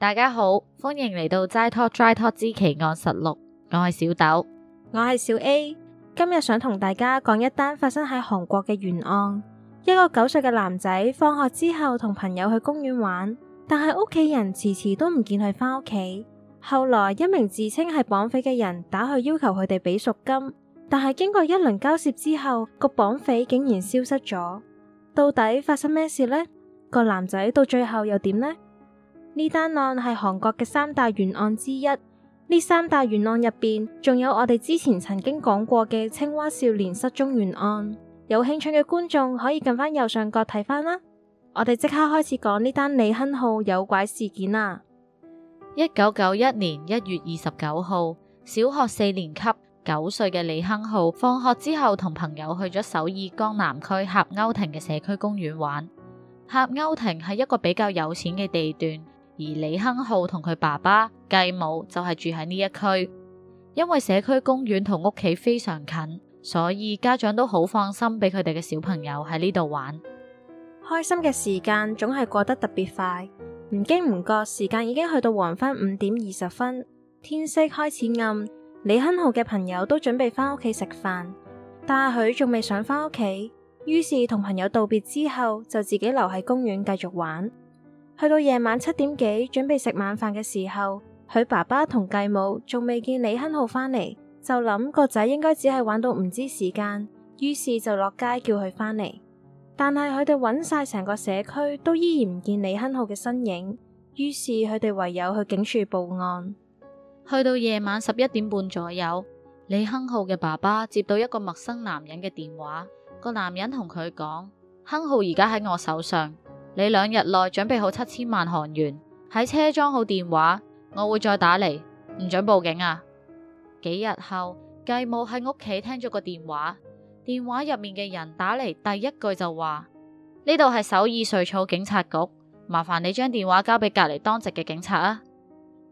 大家好，歡迎嚟到 Dry Talk Dry Talk 之奇案實錄。我係小豆，我係小 A。今日想同大家講一單發生喺韓國嘅懸案。一個九歲嘅男仔放學之後同朋友去公園玩，但係屋企人遲遲都唔見佢返屋企。後來一名自稱係綁匪嘅人打去要求佢哋俾贖金，但係經過一輪交涉之後，個綁匪竟然消失咗。到底發生咩事呢？個男仔到最後又點呢？呢單案係韓國嘅三大懸案之一。呢三大懸案入邊，仲有我哋之前曾經講過嘅青蛙少年失蹤懸案。有興趣嘅觀眾可以撳翻右上角睇翻啦。我哋即刻開始講呢單李亨浩誘拐事件啦。一九九一年一月二十九號，小學四年級九歲嘅李亨浩放學之後，同朋友去咗首爾江南區狎鷗亭嘅社區公園玩。狎鷗亭係一個比較有錢嘅地段。而李亨浩同佢爸爸繼母就係住喺呢一區，因為社區公園同屋企非常近，所以家長都好放心，俾佢哋嘅小朋友喺呢度玩。開心嘅時間總係過得特別快，唔經唔覺時間已經去到黃昏五點二十分，天色開始暗，李亨浩嘅朋友都準備翻屋企食飯，但係佢仲未想翻屋企，於是同朋友道別之後，就自己留喺公園繼續玩。去到夜晚七點幾，準備食晚飯嘅時候，佢爸爸同繼母仲未見李亨浩返嚟，就諗個仔應該只係玩到唔知時間，於是就落街叫佢返嚟。但係佢哋揾晒成個社區都依然唔見李亨浩嘅身影，於是佢哋唯有去警署報案。去到夜晚十一點半左右，李亨浩嘅爸爸接到一個陌生男人嘅電話，個男人同佢講：亨浩而家喺我手上。你兩日內準備好七千萬韓元，喺車裝好電話，我會再打嚟，唔准報警啊！幾日後，繼母喺屋企聽咗個電話，電話入面嘅人打嚟，第一句就話：呢度係首爾瑞草警察局，麻煩你將電話交俾隔籬當值嘅警察啊！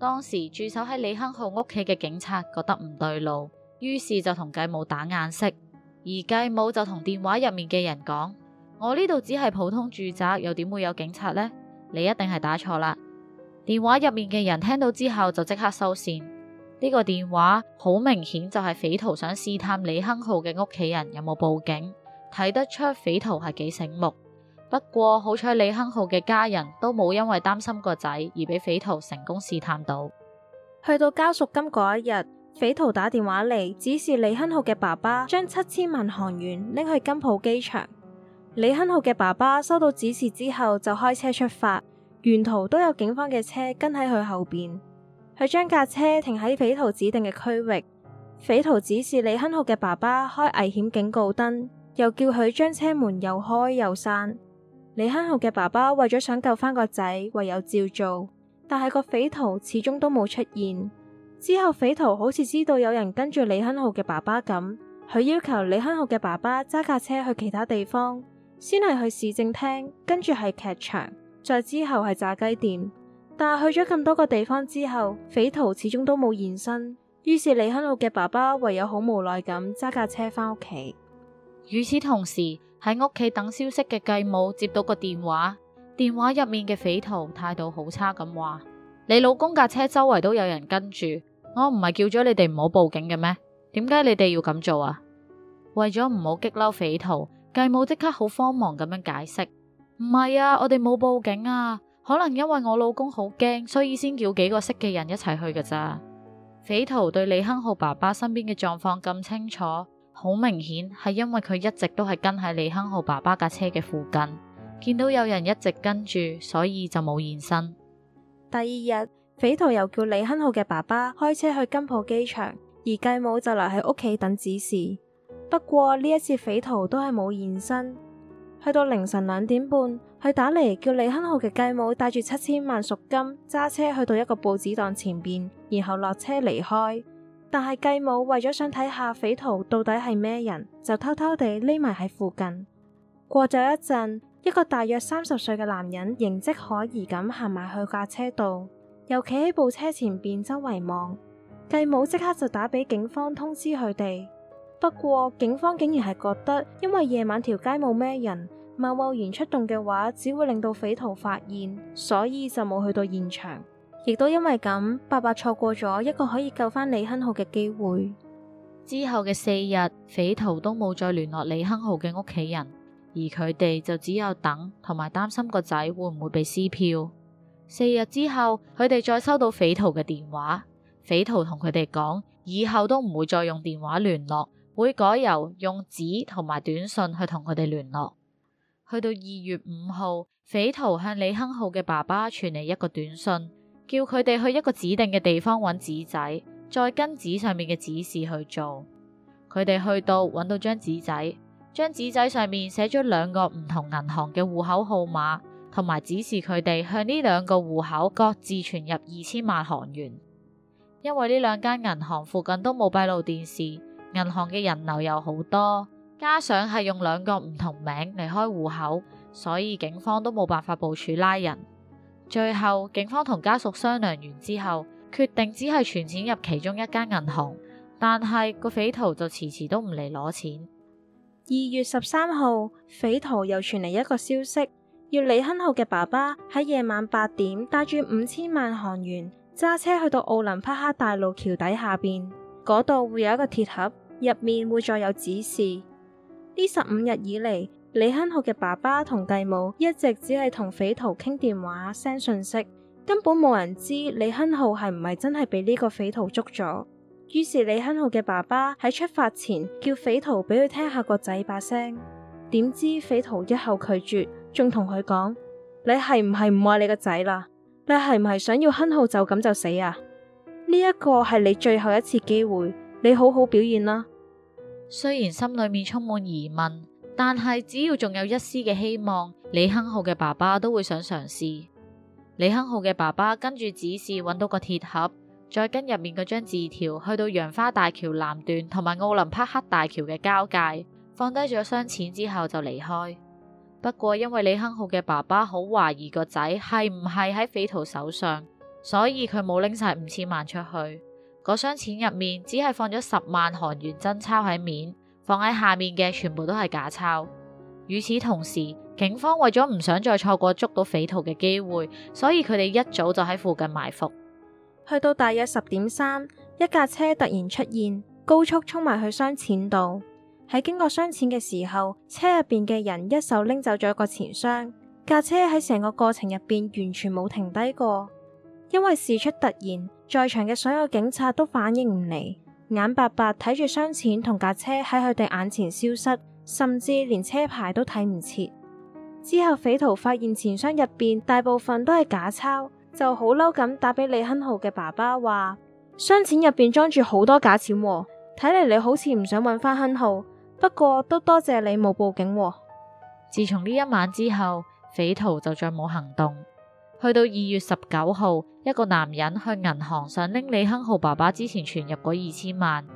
當時駐守喺李亨浩屋企嘅警察覺得唔對路，於是就同繼母打眼色，而繼母就同電話入面嘅人講。我呢度只係普通住宅，又點會有警察呢？你一定係打錯啦。電話入面嘅人聽到之後就即刻收線。呢個電話好明顯就係匪徒想試探李亨浩嘅屋企人有冇報警，睇得出匪徒係幾醒目。不過好彩李亨浩嘅家人都冇因為擔心個仔而俾匪徒成功試探到。去到交贖金嗰一日，匪徒打電話嚟指示李亨浩嘅爸爸將七千萬韓元拎去金浦機場。李亨浩嘅爸爸收到指示之後就開車出發，沿途都有警方嘅車跟喺佢後邊。佢將架車停喺匪徒指定嘅區域，匪徒指示李亨浩嘅爸爸開危險警告燈，又叫佢將車門又開又閂。李亨浩嘅爸爸為咗想救翻個仔，唯有照做。但係個匪徒始終都冇出現。之後匪徒好似知道有人跟住李亨浩嘅爸爸咁，佢要求李亨浩嘅爸爸揸架車去其他地方。先係去市政廳，跟住係劇場，再之後係炸雞店。但係去咗咁多個地方之後，匪徒始終都冇現身。於是李亨浩嘅爸爸唯有好無奈咁揸架車返屋企。與此同時，喺屋企等消息嘅繼母接到個電話，電話入面嘅匪徒態度好差咁話：你老公架車周圍都有人跟住，我唔係叫咗你哋唔好報警嘅咩？點解你哋要咁做啊？為咗唔好激嬲匪徒。繼母即刻好慌忙咁樣解釋：唔係啊，我哋冇報警啊，可能因為我老公好驚，所以先叫幾個識嘅人一齊去噶咋。匪徒對李亨浩爸爸身邊嘅狀況咁清楚，好明顯係因為佢一直都係跟喺李亨浩爸爸架車嘅附近，見到有人一直跟住，所以就冇現身。第二日，匪徒又叫李亨浩嘅爸爸開車去金浦機場，而繼母就留喺屋企等指示。不過呢一次匪徒都係冇現身，去到凌晨兩點半，佢打嚟叫李亨浩嘅繼母帶住七千萬贖金揸車去到一個報紙檔前邊，然後落車離開。但係繼母為咗想睇下匪徒到底係咩人，就偷偷地匿埋喺附近。過咗一陣，一個大約三十歲嘅男人形迹可疑咁行埋去架車度，又企喺部車前邊周圍望。繼母即刻就打俾警方通知佢哋。不過警方竟然係覺得，因為夜晚條街冇咩人，貿貿然出動嘅話，只會令到匪徒發現，所以就冇去到現場。亦都因為咁，爸爸錯過咗一個可以救翻李亨浩嘅機會。之後嘅四日，匪徒都冇再聯絡李亨浩嘅屋企人，而佢哋就只有等，同埋擔心個仔會唔會被撕票。四日之後，佢哋再收到匪徒嘅電話，匪徒同佢哋講，以後都唔會再用電話聯絡。會改由用紙同埋短信去同佢哋聯絡。去到二月五號，匪徒向李亨浩嘅爸爸傳嚟一個短信，叫佢哋去一個指定嘅地方搵紙仔，再跟紙上面嘅指示去做。佢哋去到搵到張紙仔，張紙仔上面寫咗兩個唔同銀行嘅戶口號碼，同埋指示佢哋向呢兩個戶口各自存入二千萬韓元，因為呢兩間銀行附近都冇閉路電視，銀行嘅人流又好多，加上係用兩個唔同名嚟開戶口，所以警方都冇辦法部署拉人。最後警方同家屬商量完之後，決定只係存錢入其中一間銀行，但係個匪徒就遲遲都唔嚟攞錢。二月十三號，匪徒又傳嚟一個消息，要李亨浩嘅爸爸喺夜晚八點帶住五千萬韓元揸車去到奧林匹克大路橋底下邊，嗰度會有一個鐵盒。入面會再有指示。呢十五日以嚟，李亨浩嘅爸爸同繼母一直只係同匪徒傾電話、s e 信息，根本冇人知李亨浩係唔係真係被呢個匪徒捉咗。於是李亨浩嘅爸爸喺出發前叫匪徒俾佢聽下個仔把聲，點知匪徒一口拒絕，仲同佢講：你係唔係唔愛你個仔啦？你係唔係想要亨浩就咁就死啊？呢、這、一個係你最後一次機會。你好好表現啦。雖然心裏面充滿疑問，但係只要仲有一絲嘅希望，李亨浩嘅爸爸都會想嘗試。李亨浩嘅爸爸跟住指示揾到個鐵盒，再跟入面嗰張字條，去到楊花大橋南段同埋奧林匹克大橋嘅交界，放低咗箱錢之後就離開。不過因為李亨浩嘅爸爸好懷疑個仔係唔係喺匪徒手上，所以佢冇拎晒五千萬出去。個箱錢入面只係放咗十萬韓元真鈔喺面，放喺下面嘅全部都係假鈔。與此同時，警方為咗唔想再錯過捉到匪徒嘅機會，所以佢哋一早就喺附近埋伏。去到大約十點三，一架車突然出現，高速衝埋去箱錢度。喺經過箱錢嘅時候，車入邊嘅人一手拎走咗一個錢箱。架車喺成個過程入邊完全冇停低過。因為事出突然，在場嘅所有警察都反應唔嚟，眼白白睇住箱錢同架車喺佢哋眼前消失，甚至連車牌都睇唔切。之後匪徒發現錢箱入邊大部分都係假鈔，就好嬲,咁打俾李亨浩嘅爸爸話：箱錢入邊裝住好多假錢，睇嚟,你好似唔想搵返亨浩，不過都多謝你冇報警。自從呢一晚之後，匪徒就再冇行動。去到二月十九號，一個男人去銀行想拎李亨浩爸爸之前存入嗰二千萬。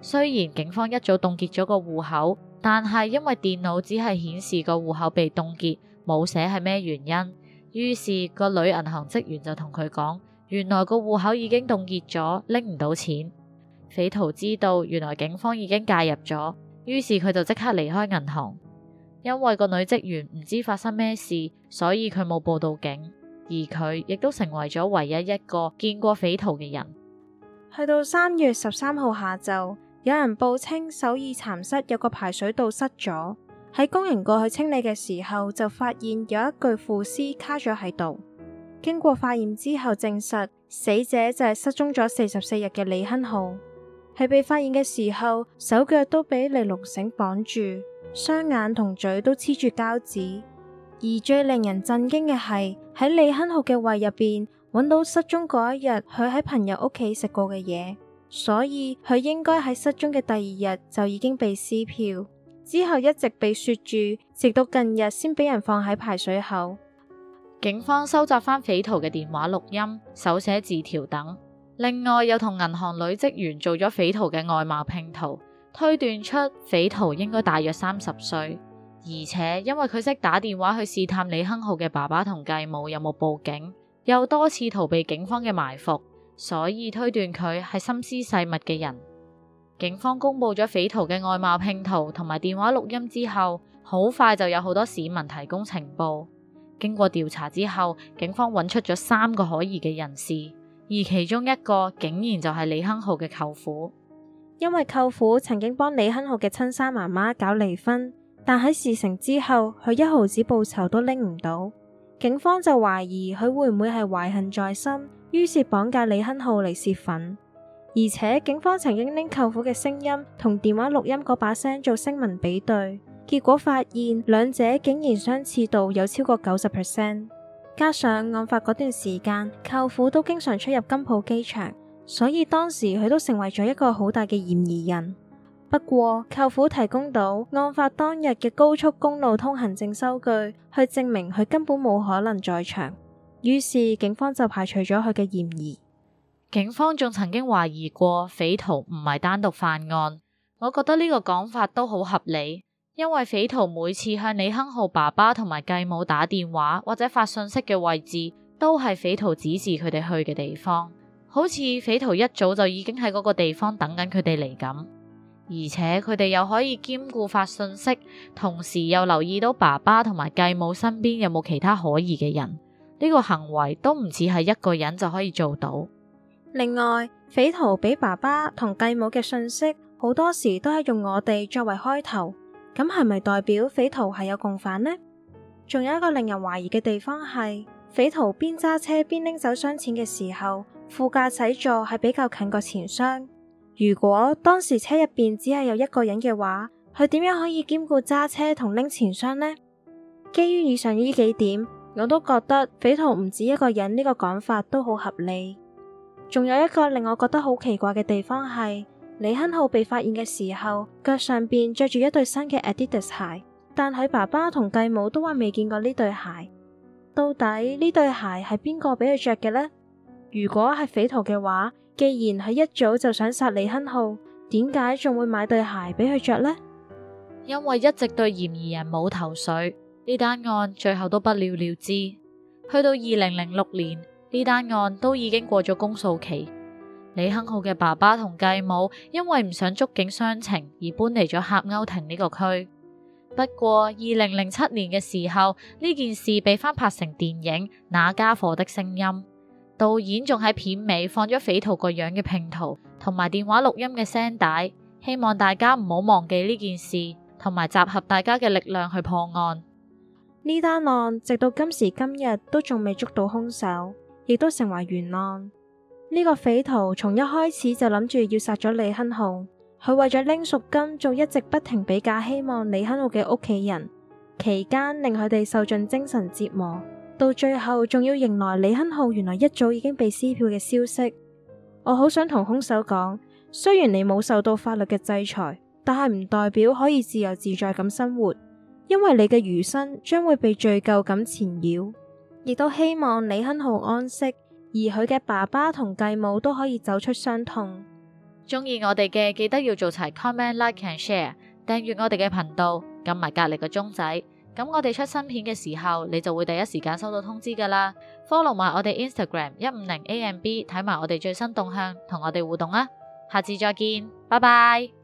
雖然警方一早凍結咗個戶口，但係因為電腦只係顯示個戶口被凍結，冇寫係咩原因。於是個女銀行職員就同佢講，原來個戶口已經凍結咗，拎唔到錢。匪徒知道原來警方已經介入咗，於是佢就即刻離開銀行。因為個女職員唔知發生咩事，所以佢冇報到警。而佢亦都成為咗唯一一個見過匪徒嘅人。去到三月十三號下晝，有人報稱首爾蠶室有個排水道塞咗，喺工人過去清理嘅時候就發現有一具腐屍卡咗喺度。經過化驗之後證實，死者就係失蹤咗四十四日嘅李亨浩。喺被發現嘅時候，手腳都俾尼龍繩綁住，雙眼同嘴都黐住膠紙。而最令人震驚嘅係喺李亨浩嘅胃入邊揾到失蹤嗰一日佢喺朋友屋企食過嘅嘢，所以佢應該喺失蹤嘅第二日就已經被撕票，之後一直被雪住，直到近日先俾人放喺排水口。警方收集翻匪徒嘅電話錄音、手寫字條等，另外又同銀行女職員做咗匪徒嘅外貌拼圖，推斷出匪徒應該大約三十歲。而且因為佢識打電話去試探李亨浩嘅爸爸同繼母有冇報警，又多次逃避警方嘅埋伏，所以推斷佢係心思細密嘅人。警方公佈咗匪徒嘅外貌拼圖同埋電話錄音之後，好快就有好多市民提供情報。經過調查之後，警方揾出咗三個可疑嘅人士，而其中一個竟然就係李亨浩嘅舅父，因為舅父曾經幫李亨浩嘅親生媽媽搞離婚。但喺事成之後，佢一毫子報酬都拎唔到，警方就懷疑佢會唔會係懷恨在心，於是綁架李亨浩嚟洩憤。而且警方曾經拎舅父嘅聲音同電話錄音嗰把聲做聲紋比對，結果發現兩者竟然相似度有超過九十%。加上案發嗰段時間，舅父都經常出入金浦機場，所以當時佢都成為咗一個好大嘅嫌疑人。不過舅父提供到案發當日嘅高速公路通行證收據，去證明佢根本冇可能在場。於是警方就排除咗佢嘅嫌疑。警方仲曾經懷疑過匪徒唔係單獨犯案，我覺得呢個講法都好合理，因為匪徒每次向李亨浩爸爸同埋繼母打電話或者發信息嘅位置，都係匪徒指示佢哋去嘅地方，好似匪徒一早就已經喺嗰個地方等緊佢哋嚟咁。而且佢哋又可以兼顧發信息，同時又留意到爸爸同埋繼母身邊有冇其他可疑嘅人。呢個行為都唔似係一個人就可以做到。另外，匪徒俾爸爸同繼母嘅信息好多時都係用我哋作為開頭，咁係咪代表匪徒係有共犯呢？仲有一個令人懷疑嘅地方係匪徒邊揸車邊拎走箱錢嘅時候，副駕駛座係比較近個錢箱。如果當時車入邊只係有一個人嘅話，佢點樣可以兼顧揸車同拎錢箱呢？基於以上呢幾點，我都覺得匪徒唔止一個人呢個講法都好合理。仲有一個令我覺得好奇怪嘅地方係李亨浩被發現嘅時候，腳上邊着住一對新嘅 Adidas 鞋，但佢爸爸同繼母都話未見過呢對鞋，到底呢對鞋係邊個俾佢着嘅呢？如果係匪徒嘅話，既然佢一早就想殺李亨浩，點解仲會買對鞋俾佢着呢？因為一直對嫌疑人冇頭緒，呢單案最後都不了了之。去到二零零六年，呢單案都已經過咗公訴期。李亨浩嘅爸爸同繼母因為唔想觸景傷情，而搬嚟咗狎鷗亭呢個區。不過二零零七年嘅時候，呢件事被翻拍成電影《那傢伙的聲音》。導演仲喺片尾放咗匪徒個樣嘅拼圖，同埋電話錄音嘅聲帶，希望大家唔好忘記呢件事，同埋集合大家嘅力量去破案。呢單案直到今時今日都仲未捉到兇手，亦都成為懸案。呢、這個匪徒從一開始就諗住要殺咗李亨浩，佢為咗拎贖金，仲一直不停比較希望李亨浩嘅屋企人，期間令佢哋受盡精神折磨。到最後仲要迎來李亨浩原來一早已經被撕票嘅消息，我好想同凶手講，雖然你冇受到法律嘅制裁，但係唔代表可以自由自在咁生活，因為你嘅餘生將會被罪疚感纏繞。亦都希望李亨浩安息，而佢嘅爸爸同繼母都可以走出傷痛。中意我哋嘅記得要做齊 comment、like and share，訂閱我哋嘅頻道，撳埋隔籬嘅鐘仔。咁我哋出新片嘅時候，你就會第一時間收到通知㗎喇。Follow 埋我哋 Instagram 一五零 AMB，睇埋我哋最新動向，同我哋互動啊！下次再見，拜拜。